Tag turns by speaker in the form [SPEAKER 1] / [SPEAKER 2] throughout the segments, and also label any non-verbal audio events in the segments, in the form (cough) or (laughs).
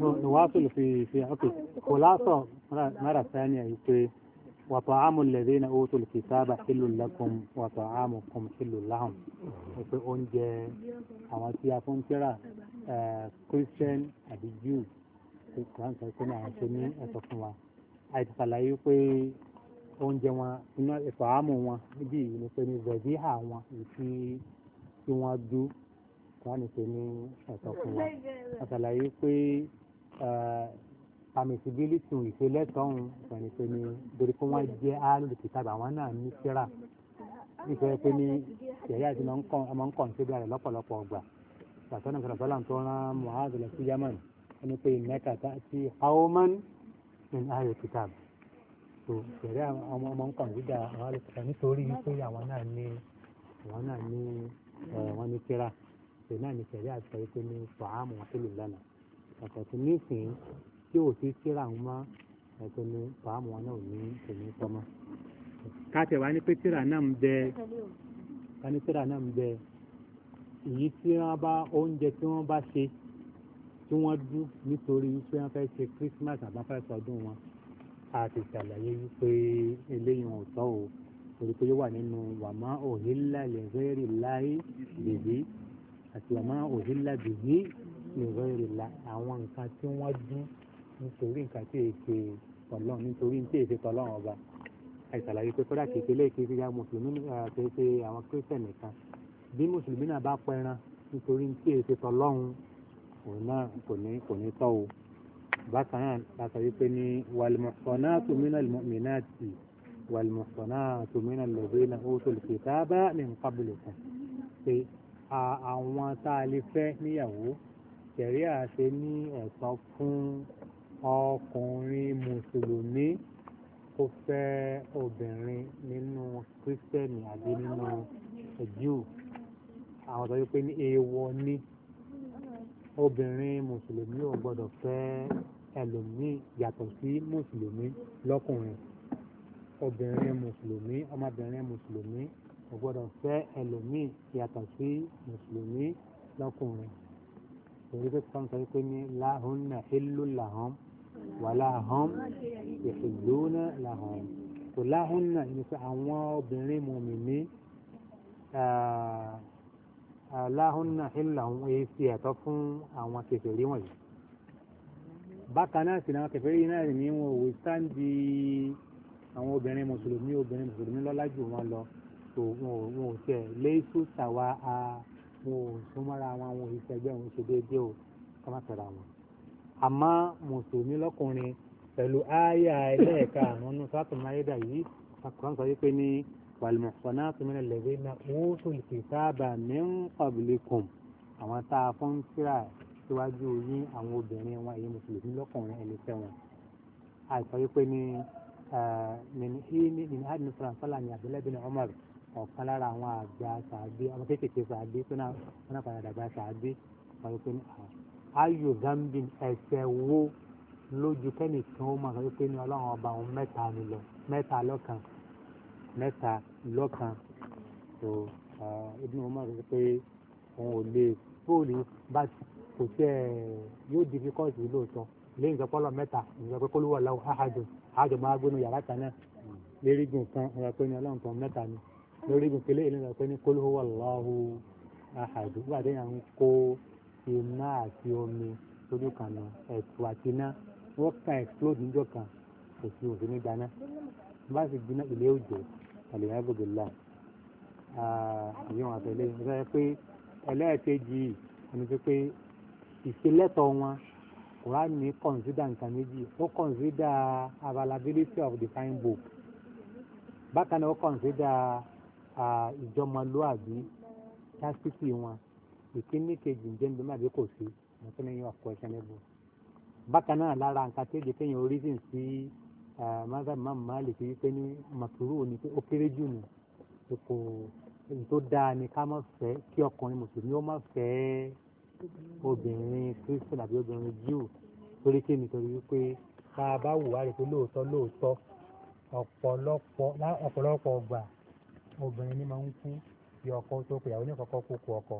[SPEAKER 1] نواصل في في عقد خلاصة مرة ثانية يقول وطعام الذين أوتوا الكتاب حل لكم وطعامكم حل لهم يقول أنجى àwọn tí a fún kíra christian àbí jew kí kò hàn sọ oúnjẹ wọn iná ìfàámù wọn níbí yìí ni pé ní zẹ̀díhà wọn ìfi tí wọ́n dú wọ́n ní pé ní ẹ̀tọ́ fún wa àtàlàyé pé permissibility ìfẹ́lẹ́tọ̀hún wọ́n ní pé ní torí pé wọ́n jẹ́ alùpùpù àwọn náà ní síra nífẹ̀ẹ́ pé ní yẹ̀yà tí wọ́n ń kàn síbi rẹ̀ lọ́pọ̀lọpọ̀ ọgbà sàtọ́nà sàrọ̀sọ́là tó rán muhammed lọ sí yamani wọ́n pé mẹ́ta tí hauman in ayé kìtàbù tó pẹ̀lú àwọn ọmọ nǹkan ìdá àwọn alùpùpù nítorí pé àwọn náà ní àwọn náà ní wọn ní kíra tó náà ní pẹ̀lú àṣà yìí pé ní fàámù àkìlù lánàá ọ̀pọ̀ tó ní ìsìn tí ò sí kíra àwọn mọ́ ẹ̀tọ́ ní fàámù wọn náà ò ní tèmi sọmọ. káàtẹ̀ wá ní pé tíra náà ń bẹ wá ní tíra náà ń bẹ èyí tí wọ́n bá oúnjẹ tí wọ́n bá ṣe tí wọ́n dú nítorí pé wọ́n fẹ́ ṣe Christmas àbáfẹ́ sọdún wọn a ti ṣàlàyé wípé eléyìí ò tọ́ o torí pé yóò wà nínú wàmá òhìlá lẹ́gbẹ́rì láì bèbí àti wàmá òhìlá bèbí lẹ́gbẹ́rì la àwọn nǹkan tí wọ́n dún nítorí nǹkan tí èsè tọ̀lọ́n nítorí tí èsè tọ̀lọ́n ọba àìsàlàyé pé kódà kìí pélé kìí fi ya mùsùlùmí kìí ṣe àwọn kírísítẹ̀ nìkan bí mùsùlùmí náà bá pẹran nítorí tí èsè tọ̀lọ́n òun náà kò ní tọ́ o bákan náà láti wípé ní wàlmùsọ̀nàtù mínal mùmínàtì wàlmùsọ̀nàtù mínal lọ́dínà utul kitaba min qablikum pé àwọn tá a lè fẹ́ níyàwó tẹ̀rí àṣẹ ní ẹ̀tọ́ fún ọkùnrin mùsùlùmí kó fẹ́ obìnrin nínú kírísítẹ́nì àbí nínú júù àwọn tó yẹ pé ní èèwọ̀ ni obìnrin mùsùlùmí ò gbọ́dọ̀ fẹ́ ẹlòmíì yàtọ̀ sí mùsùlùmí lọ́kùnrin obìnrin mùsùlùmí ọmọbìnrin mùsùlùmí kò gbọ́dọ̀ fẹ́ ẹlòmíì yàtọ̀ sí mùsùlùmí lọ́kùnrin torí pé sọ́n sọ pé ní láhùn náà ìlú làhùn wà láhùn ìṣèlú náà làhùn kò láhùn náà ni pé àwọn obìnrin mùmìnì ah, ah, láhùn náà ìlú làhùn èyí fi ẹ̀tọ́ fún àwọn kèfèrí wọ̀nyí bákan náà sì làwọn kẹfẹ́ yìí náà ní wọn ò sáǹdì àwọn obìnrin mùsùlùmí obìnrin mùsùlùmí lọ́lá jù wọn lọ tó wọn ò tẹ̀ léṣù tàwa a wọn ò súnmọ́ra wọn wọn ò sì ṣẹgbẹ́ wọn ṣe déédéé o ká má tẹ̀ra wọn. àmọ́ mùsùlùmí lọ́kùnrin pẹ̀lú ááyà ẹlẹ́ẹ̀ka àwọn ọ̀nà sátọ̀máyédà yìí kan sọ wípé ní wàlùmọ̀sánná tó mìíràn lẹ́gbẹ̀ẹ́ náà wọ́n tó lè fi sábà ní síwájú yín àwọn obìnrin wọn èyí mùsùlùmí lọ́kùnrin ẹni fẹ́ wọn. àìsọ wípé ní nínú adìní sọ̀rọ̀sọ́là ní Abdullahi bin Umar ọ̀kan lára àwọn àgbà sàábí ọmọ kéékèèké sàábí tó náà wọn náà padà dàgbà sàábí sọ wípé ní ayò zambin ẹsẹ̀ wo lójú kẹ́nìkan ó máa sọ wípé ní ọlọ́run ọba òun mẹ́ta ni lọ mẹ́ta lọ́kan mẹ́ta lọ́kan tó Ibn Umar sọ pé òun ò lè fóònù bá ti kò sí ẹ yóò di fi kọ́ọ̀tù yìí lóòótọ́ lẹ́yìn ìjọpọ́lọ̀ mẹ́ta ìjọba pé kólúwọ̀ lọ́wọ́ ahadù ahadù máa gbónú yàrá kan náà lérígùn kan ìjọba pé ní ọlọ́run kan mẹ́ta ni lérígùn kele ìlú ìjọba pé ní kólúwọ̀ lọ́wọ́ ahadù nígbà tí yàn ń kó iná àti omi sójú kan náà ẹ̀tù àti iná wọ́n kan explode níjọ́ kan kò sí òfin ní gbaná bá sì gbiná ilé òjò ah, àlè ẹlẹ́ẹ̀kejì ẹni pé ìṣelẹ́tọ̀ wọn Quran ní kọ̀nsídà nǹkan méjì ó kọ̀nsídà availability of the fine book bákan náà ó kọ̀nsídà ìjọmọlúàbí chastity wọn ìkíní kejì ǹjẹ́ níbi máa bí kò sí mo tún ní yín ọ̀pọ̀ ẹ̀ṣẹ̀ níbo bákan náà lára nǹkan tí èdè kéèyàn orísìn sí mazhab Imam Malik fi pé ní màkúrú ni pé ó kéré jù nù kò tó dáa ni ká má fẹ́ kí ọkùnrin mùsùlùmí ó má fẹ́ obìnrin christian àbí obìnrin jew torí kí ni torí wípé tá a bá wù wá rí pé lóòótọ́ lóòótọ́ ọ̀pọ̀lọpọ̀ ọ̀pọ̀lọpọ̀ ọgbà obìnrin ni máa ń kú bí ọkọ tó pè àwọn oníkọ̀ọ́kọ́ kó kú ọkọ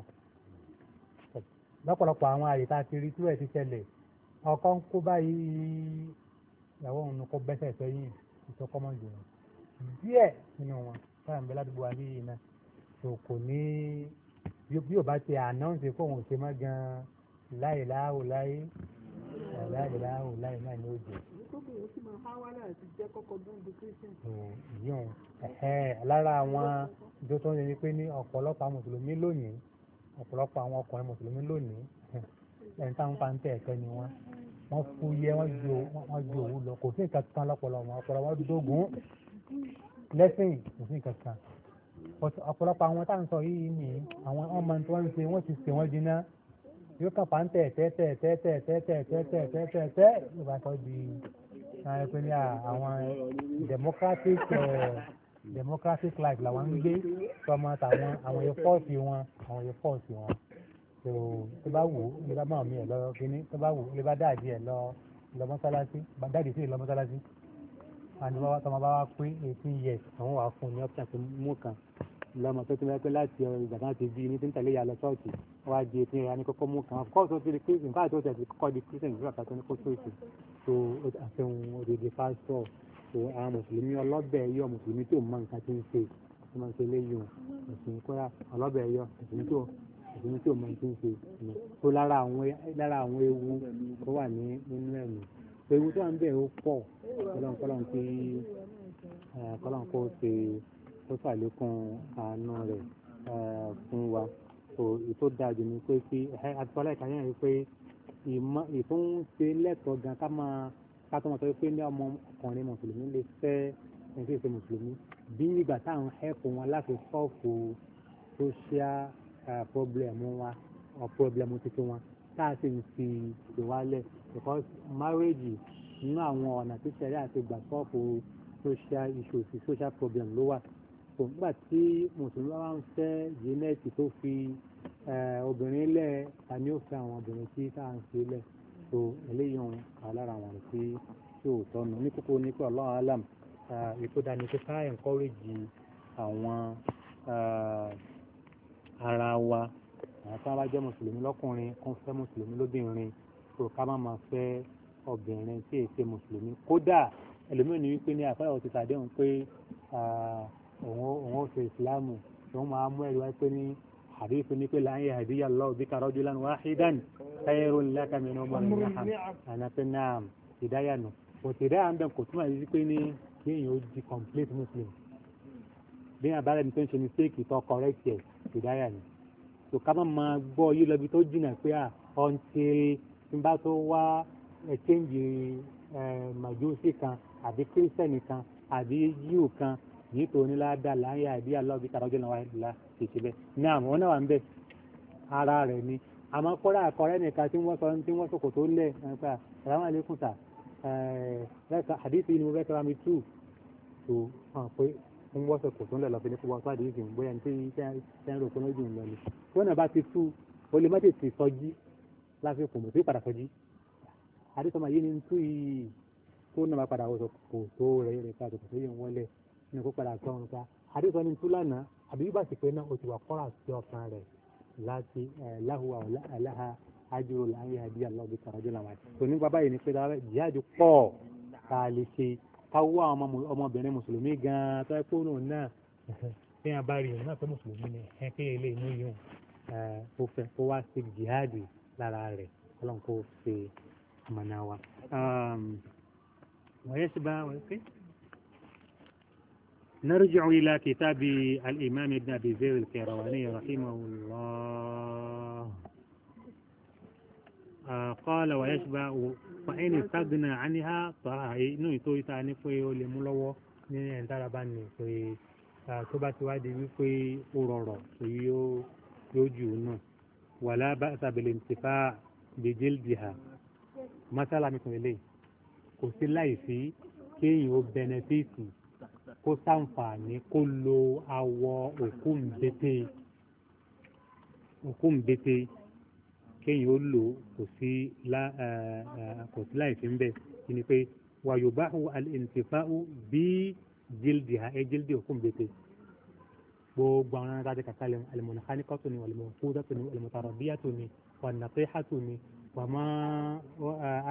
[SPEAKER 1] lọ́pọ̀lọpọ̀ àwọn àyè tá a ti rí túwẹ̀ ti ṣẹlẹ̀ ọkọ ń kó báyìí ìyàwó òun kó bẹ́sẹ̀ sẹ́yìn ìtọ́kọ́mọ́ jùlọ díẹ̀ nínú wọn táwọn ìbẹ́ládùúgbò wa ní yìí náà kò ní bí ò bá ti ànáǹsì kó òun ṣe mọ́ gan-an láì láàwò láyé láì láàwò láì náà ní òjò. ìyóò lára àwọn ìjọ tó ń ṣe ni pé ní ọ̀pọ̀lọpọ̀ àwọn mùsùlùmí lónìí ọ̀pọ̀lọpọ̀ àwọn ọkùnrin mùsùlùmí lónìí (laughs) ẹni táwọn pa ń tẹ̀ ẹ̀kẹ́ ni wọ́n wọ́n fún yẹ wọ́n ju òwú lọ kò sí nǹkan kan lọ́pọ̀lọpọ̀ ọ̀pọ̀lọpọ̀ wọn dógún lẹ́sìn kò sí nǹkan kan ọ̀pọ̀lọpọ̀ àwọn tá à ń sọ yìí ni àwọn ọmọ tí wọ́n ń ṣe wọ́n ti ṣe wọ́n jiná yóò kàn fà ń tẹ̀ tẹ́ tẹ́ tẹ́ tẹ́ tẹ́ tẹ́ tẹ́ tẹ́ tẹ́ tẹ́ tẹ́ yóò bá sọ di àwọn ẹgbẹ́ ní àwọn democratic democratic life làwọn ń gbé tọmọ tàwọn àwọn ẹ̀fọ́ọ̀sì wọn àwọn ẹ̀fọ́ọ̀sì wọn tó tó bá wù ú lè bá máa mi ẹ̀ lọ kíní tó bá wù ú lè bá dáàdì ẹ̀ lọ lọ mọ́sálásí dáàdì sí lọ mọ́sálásí àdúrà tọmọ bá wá pé eighteen years àwọn wà fún ní option tó mú kan lọmọ tó ti wáyé pé láti ìgbà náà ti bí ní tí ń tẹ̀lé ìyá lọ ṣọ́ọ̀ṣì wá di eighteen years ní kọ́kọ́ mú kan of course ó ti di christian káàtó ó ti kọ́ di christian ìgbà kan ní kó ṣòṣì tó àfihàn òdìdí pásítọ̀ tó àwọn mùsùlùmí ọlọ́bẹ̀ yọ mùsùlùmí tó mọ nǹkan tí ń ṣe tó máa ń ṣe léyìn mùsùlùmí kọ́ra ọlọ́bẹ̀ yọ mùsùlùmí tó mùsùlùmí tó mọ ń ṣe ewu tó wà ń bẹ̀ ó pọ̀ kọ́lọ́nkọ́lọ́n pé kọ́lọ́nkọ́ ṣe ó ṣàlékún àánú rẹ̀ fún wa tó dáa jù ní pé kí àtìkọ́lá ìkàyẹ̀ rí pé ìfún ṣe lẹ́tọ̀ọ́ gan ká máa ká tó máa sọ pé ní ọmọ ọkùnrin mùsùlùmí lè fẹ́ ẹni tí ì ṣe mùsùlùmí bí nígbà táwọn ẹ̀pù wọn láti sọ́ọ̀fù social problem wọn problem títí wọn tá a sì ń fi ìwálẹ̀ because marriage nínú àwọn ọ̀nà tí sẹ́rí àti gbà sọ́ọ̀fù social issues social problem ló wà so nígbà tí mùsùlùmí bá ń fẹ́ jìnẹ́ẹ̀tì tó fi eh, obìnrin lẹ̀ ta ni ó fẹ́ àwọn obìnrin tí tá à ń fi lẹ̀ so eléyìí ń kà lára àwọn rẹ̀ tí tí ò tọ́nu ní kókó ní pé ọlọ́run alam eh, ètò dání pé ká encourage àwọn eh, ara wa àwọn tí wọ́n bá jẹ́ mùsùlùmí lọ́kùnrin kó fẹ́ mùsùlùmí lóbìnrin so ká má máa fẹ́ obìnrin tí èsè mùsùlùmí kódà ẹlòmíràn ni wípé ní àfẹ́wọ̀ ti sàdéhùn pé òun ò ṣe ìsìláàmù òun máa mú ẹ̀rí wá pé ní àdéhùn ní pé láyé àdíyà lọ́wọ́ bí ká rọ́jú lánàá wáhídán táyẹ̀rọ lákàmì ní ọmọ ìyá ànàfẹ́ náà ìdáyà nù kò sì dáyà ń bẹ̀ kò túmọ̀ sí pé ní kí èèyàn ó di complete muslim bí yàn bá rẹ̀ ní tó ń ṣe mistake tó correct yẹ ìdáyà nù so ká má máa gbọ́ yí lọ bí tó jìnnà pé à until tí n bá tó wá ẹ̀kẹ́ǹjì màjúsí kan àbí kírísítẹ́nì kan àbí yíò kan yìí tó níláàdá láyé àbí aláàbí tàbájú lọ́wọ́ ìlà tètè bẹ́ẹ̀ ní àmọ́ náà wà ń bẹ̀ ara rẹ̀ ni àmọ́ kọ́ra àkọ́rẹ́ nìkan tí wọ́n sọ tí wọ́n sọkò tó lẹ̀ nípa salamu alaikum sà ẹ̀ẹ́dẹ́ka àdìsí ni mo fẹ́ tẹ́ra mi tù tó hàn pé ń wọ́n sọkò tó lẹ̀ lọ́fẹ́ ní kó wọ́n sọ àdìsí bóyá ní tí ń rò pé lójú ń lọ ni lásìkò mọ̀ sí padà sọjí àdìsọ́mà yìí ni ń tú yìí tó náà padà wọ́sọ̀ kò tó rẹ̀ rẹ̀ ká tó tó yẹn wọlé ní kó padà sọ ọ̀run ká àdìsọ́ ni ń tú lánàá àbí yóò bá sì pé náà o ti wà kọ́ra sí ọ̀kan rẹ̀ láti láhùwà aláha ájú láyé àbí aláwọ̀ bí kàrájú làwọn àti tòní bàbá yìí ni pé jíjáde pọ̀ ká lè ṣe ká wá ọmọbìnrin mùsùlùmí gan-an tó ẹ kó nù náà fi hàn bá rí òun náà pé mùsùlùmí ni ẹ pé ilé ìmú yìí ó fẹ́ kó wá sí jíjáde lára rẹ̀ ọlọ́run kó fi mọ̀nà wa. Um, wọ́yẹ́ sí bá wọ́n pé. نرجع إلى كتاب الإمام ابن أبي زيد الكيرواني رحمه الله آه قال ويشبع فإن استغنى عنها طهى inú ìtò ìta ní pé ó lè mú lọ́wọ́ ní ẹ̀ńtára bá ní pé uh, tó bá ti wá di wípé ó rọrọ̀ èyí yóò jù náà ولا بأس بالانتفاع بجلدها مثلا مثل eléyìí kò sí láìsí kéèyàn ó bẹnẹfíìsì kó sàǹfààní kó lo awọ òkú ńbété òkú ńbété kéèyàn ó lò kò sí láìsí ńbẹ ni pé wàyùbáhù alìǹtìfáù bí jildiha ẹ jildi òkú ńbété gbogbo àwọn ará dájẹ́ kàkà alìmọ̀nàkánikọ́tò ni alìmọ̀kúdàtò ni alìmọ̀tàrọ̀bíyàtò ni wànàpéhàtò ni wàmọ́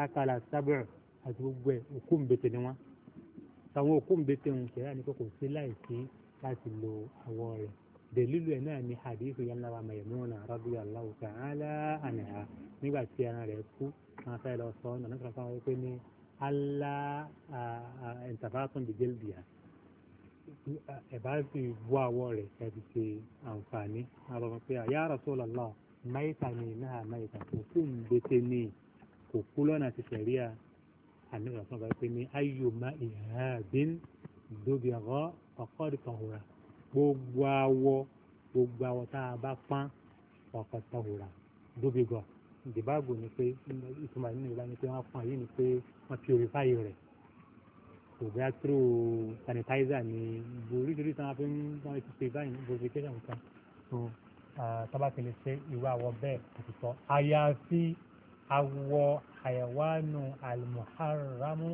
[SPEAKER 1] àkàlà sábẹ̀rẹ̀ àti gbogbo ẹ̀ òkú mbètè ni wọ́n táwọn òkú mbètè ń kẹ́rẹ́ àní kò sí láìsí láti lo àwọ̀ rẹ̀ dèlílù ẹ̀ náà ni hadith yẹn lára Maymuna radiyallahu ta'ala anha nígbà tí ẹran rẹ̀ kú máa fẹ́ lọ sọ ọ́nà ẹ̀bá fi bu àwọ̀ rẹ̀ ẹ̀bí ṣe àǹfààní àlọ́mọ pé àyà Rasulullah máyìtà ni náà máyìtà kò kú ń gbèsè ní kò kú lọ́nà ti fẹ̀rí à àmì ìrọ̀sán bá pé ní ayyuma ìhàbín dóbi ọ̀rọ̀ ọ̀kọ́dì tọ̀hùrà gbogbo àwọ̀ gbogbo àwọ̀ tá a bá pán ọ̀kọ̀ tọ̀hùrà dóbi gọ̀ ìdìbàgò ni pé ìtumọ̀ nínú ìlànà pé wọ́n pọn yìí ni pé wọ́n purify rẹ̀ kò bí a tó sanitizer ní gbogbo oríṣiríṣi àwọn afẹ́ wọn ti ṣe báyìí glorification kan tó tábàtìlẹ̀ ṣe ìwà àwọ̀ bẹ́ẹ̀ àti sọ. àyàfi awọ àyẹ̀wánu àlùmọ̀hárámù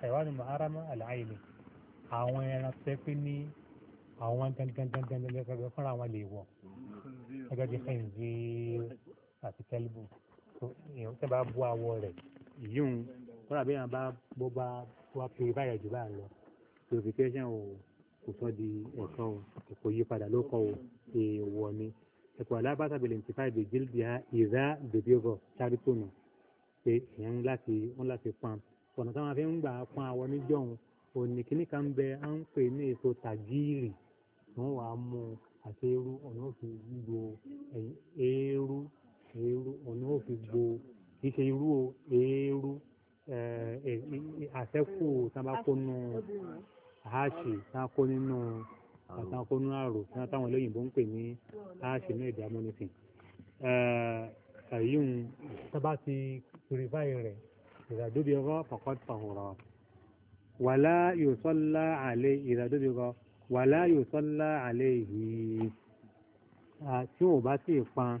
[SPEAKER 1] àyẹ̀wánu mọ̀hárámù àlàáyèlè àwọn ẹran tẹ́ pé ní àwọn gangangangangangan fúnra wọn lè wọ̀ gẹ́gẹ́ bí fẹ́ǹzì àti kẹ́líbù tó ìyẹn tẹ́ bá bú awọ rẹ̀ ìyóhun kọ́ra bí wọn bá bó bá wá purify rẹ̀ jù bá lọ purification o kò sọ di ẹ̀kọ́ o kò yí padà ló kọ́ o èèwọ̀ ni ẹ̀kọ́ alábàtà bẹ̀rẹ̀ ní fáì bèjì bí i ìdá bèbí ọgọ̀ sáré tónù pé èèyàn láti wọn láti pọn ọ̀nà táwọn afẹ́ ń gbà pọn àwọn oníjọ́hun òní kìíní kan bẹ à ń pè ní èso tàgírì wọn wà á mú àti eérú ọ̀nà òfin gbo eérú eérú ọ̀nà òfin gbo kì í ṣe irú o eérú àṣẹ́kù tábàkónú háàṣì tábàkó nínú tábàkó nínú àrò táwọn olóyìnbó ń pè ní háàṣì ní èdè amúnisìn eh, èyí ń tábà ti purify rẹ̀ ìdádóbi ọkọ fọkàn fàhùrọ̀ wàlá yóò sọ́lá àlẹ́ ìdádóbi ọkọ wàlá yóò sọ́lá àlẹ́ yìí tí wọn ò bá sì pan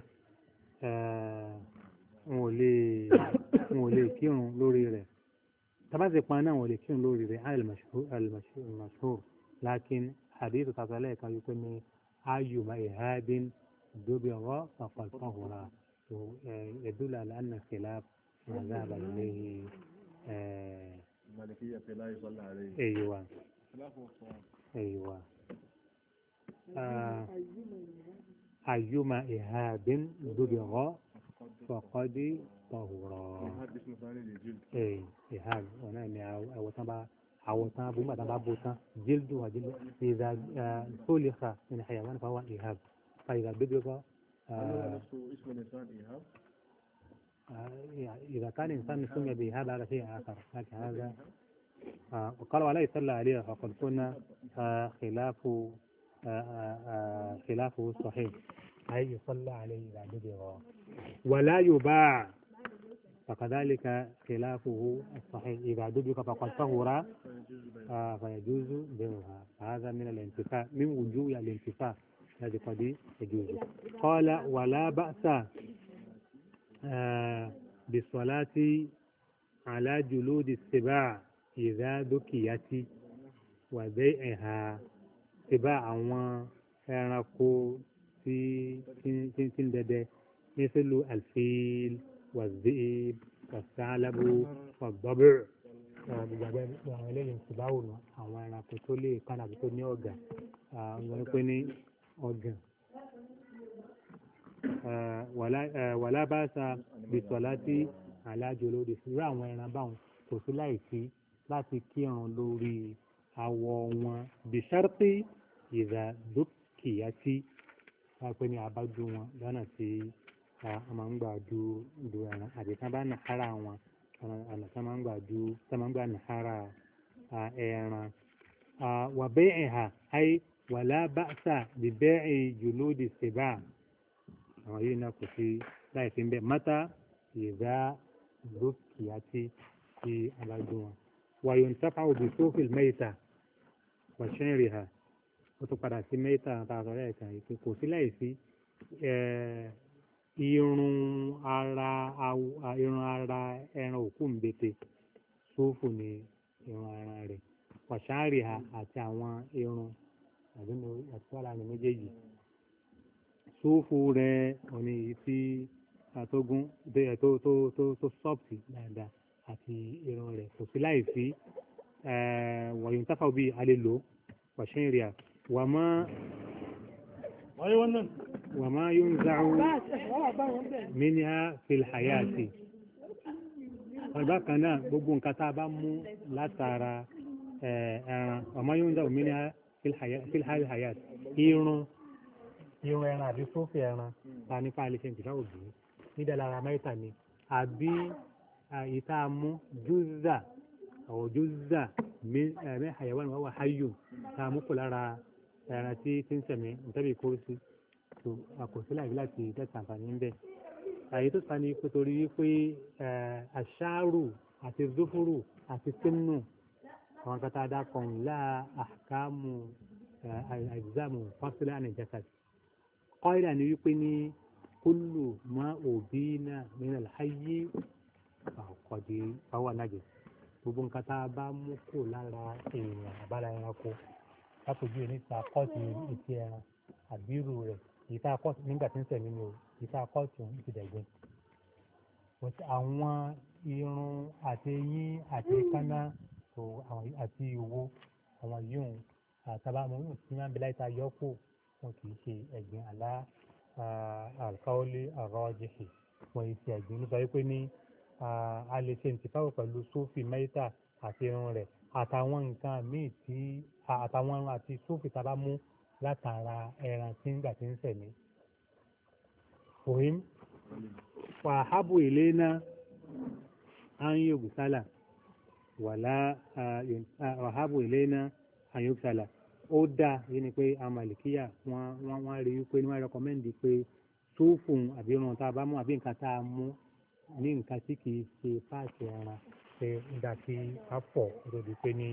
[SPEAKER 1] eh, wọn ò lè wọn ò lè kírun lórí rẹ̀ tabasi pan náà wọn ò lè kírun lórí rẹ̀ al-mashhur lakin hadith tasalẹ̀ kan yìí pé ní ayùmá ìhádín dóbi ọ̀rọ̀ pàpàtàn hùrà ẹ̀dúlà lánà khilaf
[SPEAKER 2] màdá àbàlẹ̀ yìí.
[SPEAKER 1] أيوة أيوة آه أيما إهاب ذبغ فقد طهورا اي في حال وانا مع او تبع او تبع بما تبع بوتا جلد وجلد اذا سلخ من حيوان فهو ايهاب فاذا بدو اسم الانسان ايهاب اذا كان انسان سمي بهذا هذا شيء اخر لكن هذا آه وقالوا عليه صلى الله عليه وقد كنا خلاف خلافه صحيح اي صلى عليه اذا بدغ ولا يباع فكذلك خلافه الصحيح إذا دبك فقد طهر فيجوز بيعها هذا من الانتفاع من وجوه الانتفاع الذي قد يجوز قال ولا بأس بالصلاة على جلود السباع إذا ذكيت وبيعها سباع àwọn ẹranko tí tí tí ń dẹdẹ nísìlú الفيل والذئب والثعلب والضبع ìgbàgbẹ́ àwọn eléyìí ti bá wùnà àwọn ẹranko tó lè kára tó ní ọ̀gàn wọ́n pè ní ọ̀gàn. wàlá bá sa bìtọ̀lá tí àlájò lóde irú àwọn ẹran báwọn kò sí láìsí láti kírun lórí awọ wọn bìṣárpé ìdàdókìyàtì wọ́n pè ní abájú wọn lọ́nà tí a máa ń gbà du ìlú ẹran àbí tí wọ́n bá nà ara wọn ọ̀nà tí wọ́n máa ń gbà du tí wọ́n máa ń gbà nà ara ẹran. wà bẹ́ẹ̀ ẹ̀ hà ayé wà lábàṣà bí bẹ́ẹ̀ ẹ̀ jùlọ di ṣèbá àwọn yìí náà kò sí láì fi ń bẹ́ẹ̀ mọ́tà ìdá lókì àti ti alájú wọn. wàyò ń tàpá òbí sófìl mẹ́ta wàṣẹ́ ìrìhà ó tún padà sí mẹ́ta àtàwọn ọ̀rẹ́ ẹ̀ka yìí kò sí láì sí ẹ̀ẹ́ irun ara irun ara ẹran òkú ńbete sófù ni irun ara rẹ̀ wàṣáàrì ha àti àwọn irun àbí mo àti wàhálà ní méjèèjì sófù rẹ̀ òní èyí tí àtógún tó tó tó tó sọ́ọ̀tì dáadáa àti irun rẹ̀ kò sí láì sí wọ̀nyí táfà bíi alẹ́ lò wàṣẹ́ ìrìn à wàmọ́. wáyé wọn náà. وما ينزع منها في الحياة bákan náà gbogbo nǹkan مو لا bá mú látara ẹran ọmọ yóò ń dá òmìnira filhari hayat irun irun ẹran àbí fúnfẹ ẹran ta nípa ilé ṣẹǹtì láwùjọ òbí nídà lára mẹ́ta ni àbí ìta mú júzà ọ̀ júzà mẹ́hàyàwá ni wọ́n wà háyù ta mú kò lára ẹran tí tí ń sẹ̀mí nítàbí kórìsì tó àkọsílẹ̀ àbí láti dẹ́ta àǹfààní ń bẹ̀. àyè tó sá ni pé torí wípé àṣàrù àti zófúrù àti sínú àwọn kata adákan láà àkàmù àìsàmù fásilẹ̀ ànìjàkàtì. kọ́ìlà ni wípé ní kúlù mọ́ òbí náà nínú àlàyé àkọ́dé fáwọn alájẹsí gbogbo nǹkan tá a bá mú kò lára èèyàn àbára ẹranko lápòjú ẹ nípa kọ́ọ̀tù etí àbírù rẹ̀ kì í tá a kọ́ nígbà tí ń sẹ̀mí ni o kì í tá a kọ́ tún ìfìdẹ̀gbìn àwọn irun àti eyín àti kánná àti ìwo àwọn yìí àtàbàmọ́ yóò ti máa ń bẹ̀rẹ̀ láìta yọ́pò wọn kì í ṣe ẹ̀gbìn àlá àkọọ́lẹ̀ ọ̀rọ̀ jẹ̀ṣẹ̀ wọn kì í ṣe ẹ̀gbìn nípa wípé ní a lè ṣe ìtìfáwò pẹ̀lú sófì mẹ́ta àti irun rẹ̀ àtàwọn nǹkan míì tí àtàwọn àti sófì tá mú látara ẹran tí ńgbà tí ń sẹ̀mí. Fòhím, fàhábù ilé náà anyog sálà wàlá fàhábù ilé náà anyog sálà. Ó dáa yìí ni pé àwọn màlìkíyà wọ́n wọ́n rí wípé ní wọ́n rẹ́kọ́mẹ́ndì pé súùfù àbí irun tá a bá mú àbí nǹkan tá a mú ní nǹkan tí kìí ṣe páàkì ẹran ṣe ń dà sí àpọ̀ lórí pé ní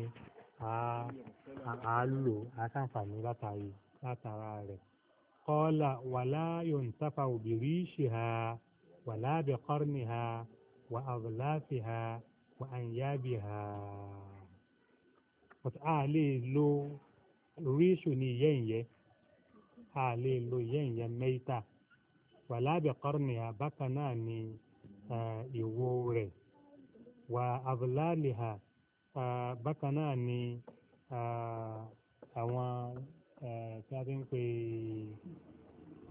[SPEAKER 1] a lò a ṣàǹfààní látàrí látara rẹ̀ kọ́lá wàlá yòǹtàfà òbírí ṣì ha wàlá bẹ̀kọ́rìnì ha wà àbùláfì ha wà ànyábì ha. but a lè lo ríṣù ní yẹ́nyẹ́ a lè lo yẹ́nyẹ́ mẹ́ta wàlá bẹ̀kọ́rìnì ha bákan náà ni ìwo rẹ̀ wà àbùláfì ha bákan náà ni àwọn. Eh, tí a ti ń pè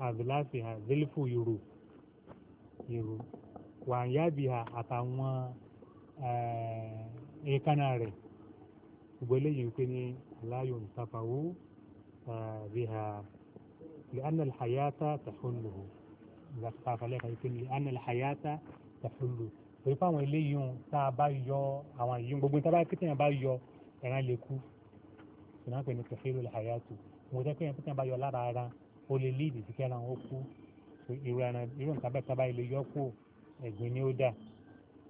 [SPEAKER 1] àbíláṣì ha zelifu ìrù ìrù wàǹyábì ha àtàwọn eh, èékánná rẹ̀ gbogbo eléyìí ń pè ní aláyò ntàfàwù bí ha لأن الحياة تحله ìgbà tó tààfà lẹ́ka yìí pé ní anil hayata tafulu torí pé àwọn eléyìí tá a bá yọ àwọn yìí gbogbo tá a bá kí tèèyàn bá yọ ẹran lè kú ìnáwó pé ní tafulu hayatu òun jẹ́ pé ẹni tó bá yọ lára ara ó lè líìdì sí kẹ́ran ó kú irú ẹran irú nǹkan bẹ́ẹ̀ tábà ilé yọ kó ẹ̀gbin ni ó dà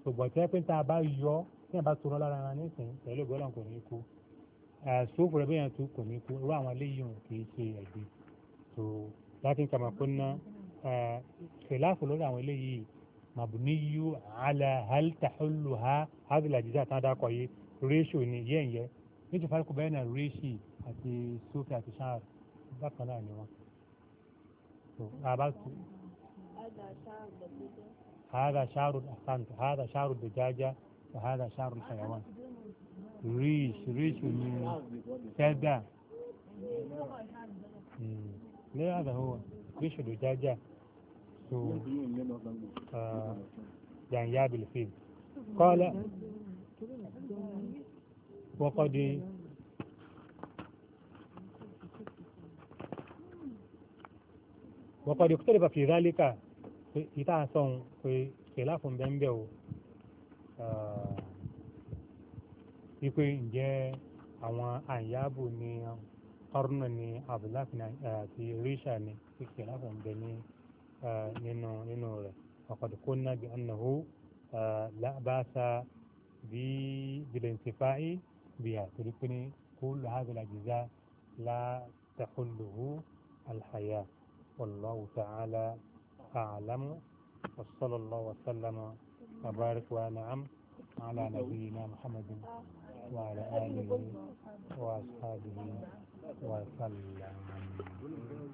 [SPEAKER 1] ṣùgbọ́n tí wọ́n pé tá a bá yọ tí wọ́n bá torọ lára ara nísìnyí pẹ̀lú ìgbọ́lọ̀ kò ní kú sóòfù rẹ̀ bẹ́ẹ̀ tó kò ní kú irú àwọn eléyìí hàn kì í ṣe ẹ̀gbin tó láti kàmá kó ná ṣèláàfù lórí àwọn eléyìí màbùníyú àlà hàlítàhùlù ha hàbìlà jíjà tán dákọ̀ yìí réṣò ni yẹ́ǹyẹ́ nítorí fárúkú bẹ́ẹ̀ náà réṣì àti sófì àti ṣáàr bákan náà ni wọn. هذا شعر أحسنت هذا شعر الدجاجة وهذا شعر الحيوان ريش ريش كذا ليه هذا هو ريش الدجاجة سو آه يعني يابل فيه قال وقد wọ́n kọ́ di kó tẹ́lẹ̀ bàfi rálíkà pé ìta sọ̀hún pé kẹlá fún bẹ́ńbẹ́ o wípé ǹjẹ́ àwọn àyàbò ní ọ̀rùn ní abdullahi àti ríṣà ní pé kẹlá fún bẹ́ ní nínú nínú rẹ̀ ọ̀kọ̀dù kó náà bí ọ̀nàhó lábáṣá bí bìlẹ̀ǹtìfáì bí àtòlípé ní kó lọ́hábìlà jìzá látàkùlùhù alhàyà. والله تعالى أعلم وصلى الله وسلم وبارك ونعم على نبينا محمد وعلى آله وأصحابه وسلم